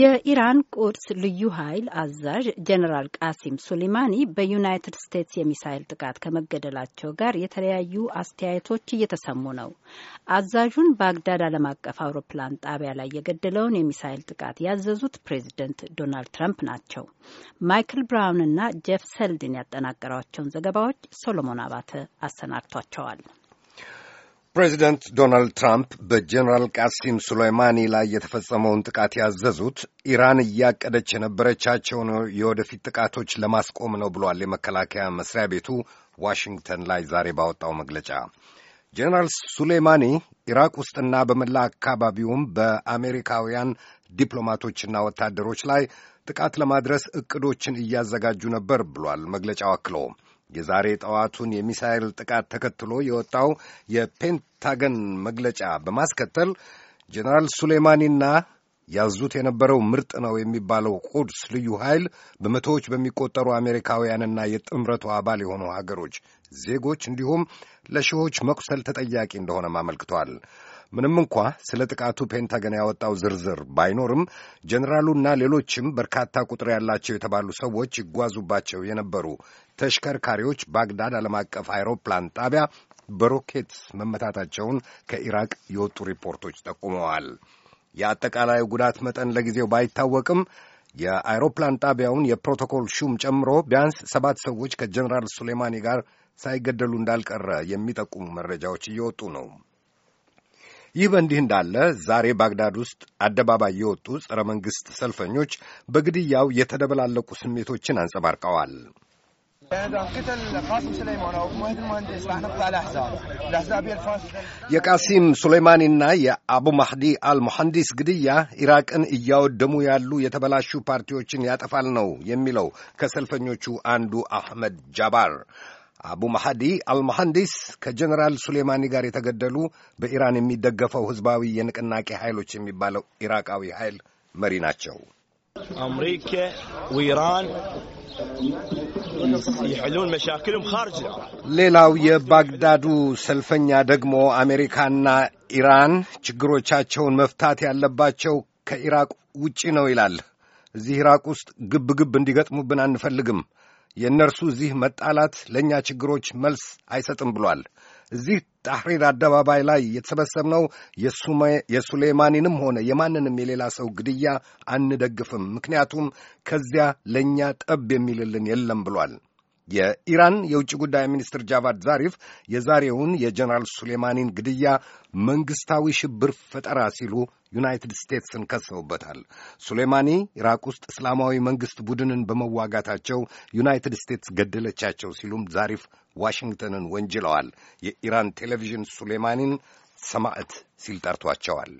የኢራን ቁድስ ልዩ ኃይል አዛዥ ጀነራል ቃሲም ሱሌማኒ በዩናይትድ ስቴትስ የሚሳይል ጥቃት ከመገደላቸው ጋር የተለያዩ አስተያየቶች እየተሰሙ ነው። አዛዡን ባግዳድ ዓለም አቀፍ አውሮፕላን ጣቢያ ላይ የገደለውን የሚሳይል ጥቃት ያዘዙት ፕሬዚደንት ዶናልድ ትራምፕ ናቸው። ማይክል እና ጄፍ ሰልድን ያጠናቀሯቸውን ዘገባዎች ሶሎሞን አባተ አሰናድቷቸዋል። ፕሬዚደንት ዶናልድ ትራምፕ በጀኔራል ቃሲም ሱሌይማኒ ላይ የተፈጸመውን ጥቃት ያዘዙት ኢራን እያቀደች የነበረቻቸውን የወደፊት ጥቃቶች ለማስቆም ነው ብሏል የመከላከያ መስሪያ ቤቱ ዋሽንግተን ላይ ዛሬ ባወጣው መግለጫ። ጀኔራል ሱሌይማኒ ኢራቅ ውስጥና በመላ አካባቢውም በአሜሪካውያን ዲፕሎማቶችና ወታደሮች ላይ ጥቃት ለማድረስ እቅዶችን እያዘጋጁ ነበር ብሏል መግለጫው አክሎ የዛሬ ጠዋቱን የሚሳይል ጥቃት ተከትሎ የወጣው የፔንታገን መግለጫ በማስከተል ጀነራል ሱሌማኒና ያዙት የነበረው ምርጥ ነው የሚባለው ቁድስ ልዩ ኃይል በመቶዎች በሚቆጠሩ አሜሪካውያንና የጥምረቱ አባል የሆኑ ሀገሮች ዜጎች እንዲሁም ለሺዎች መቁሰል ተጠያቂ እንደሆነም አመልክቷል። ምንም እንኳ ስለ ጥቃቱ ፔንታገን ያወጣው ዝርዝር ባይኖርም ጀኔራሉና ሌሎችም በርካታ ቁጥር ያላቸው የተባሉ ሰዎች ይጓዙባቸው የነበሩ ተሽከርካሪዎች ባግዳድ ዓለም አቀፍ አይሮፕላን ጣቢያ በሮኬት መመታታቸውን ከኢራቅ የወጡ ሪፖርቶች ጠቁመዋል። የአጠቃላዩ ጉዳት መጠን ለጊዜው ባይታወቅም የአይሮፕላን ጣቢያውን የፕሮቶኮል ሹም ጨምሮ ቢያንስ ሰባት ሰዎች ከጀኔራል ሱሌማኒ ጋር ሳይገደሉ እንዳልቀረ የሚጠቁሙ መረጃዎች እየወጡ ነው። ይህ በእንዲህ እንዳለ ዛሬ ባግዳድ ውስጥ አደባባይ የወጡ ጸረ መንግሥት ሰልፈኞች በግድያው የተደበላለቁ ስሜቶችን አንጸባርቀዋል። የቃሲም ሱሌይማኒና የአቡ ማህዲ አልሙሐንዲስ ግድያ ኢራቅን እያወደሙ ያሉ የተበላሹ ፓርቲዎችን ያጠፋል ነው የሚለው ከሰልፈኞቹ አንዱ አህመድ ጃባር አቡ መሐዲ አልመሐንዲስ ከጀኔራል ሱሌማኒ ጋር የተገደሉ በኢራን የሚደገፈው ህዝባዊ የንቅናቄ ኃይሎች የሚባለው ኢራቃዊ ኃይል መሪ ናቸው። አምሪካ ወኢራን ይሕሉን መሻክልም ኻርጅ ሌላው የባግዳዱ ሰልፈኛ ደግሞ አሜሪካና ኢራን ችግሮቻቸውን መፍታት ያለባቸው ከኢራቅ ውጪ ነው ይላል። እዚህ ኢራቅ ውስጥ ግብ ግብ እንዲገጥሙብን አንፈልግም የእነርሱ እዚህ መጣላት ለእኛ ችግሮች መልስ አይሰጥም ብሏል። እዚህ ታሕሪር አደባባይ ላይ የተሰበሰብነው የሱሌማኒንም ሆነ የማንንም የሌላ ሰው ግድያ አንደግፍም፣ ምክንያቱም ከዚያ ለእኛ ጠብ የሚልልን የለም ብሏል። የኢራን የውጭ ጉዳይ ሚኒስትር ጃቫድ ዛሪፍ የዛሬውን የጀነራል ሱሌማኒን ግድያ መንግስታዊ ሽብር ፈጠራ ሲሉ ዩናይትድ ስቴትስን ከሰውበታል። ሱሌማኒ ኢራቅ ውስጥ እስላማዊ መንግስት ቡድንን በመዋጋታቸው ዩናይትድ ስቴትስ ገደለቻቸው ሲሉም ዛሪፍ ዋሽንግተንን ወንጅለዋል። የኢራን ቴሌቪዥን ሱሌማኒን ሰማዕት ሲል ጠርቷቸዋል።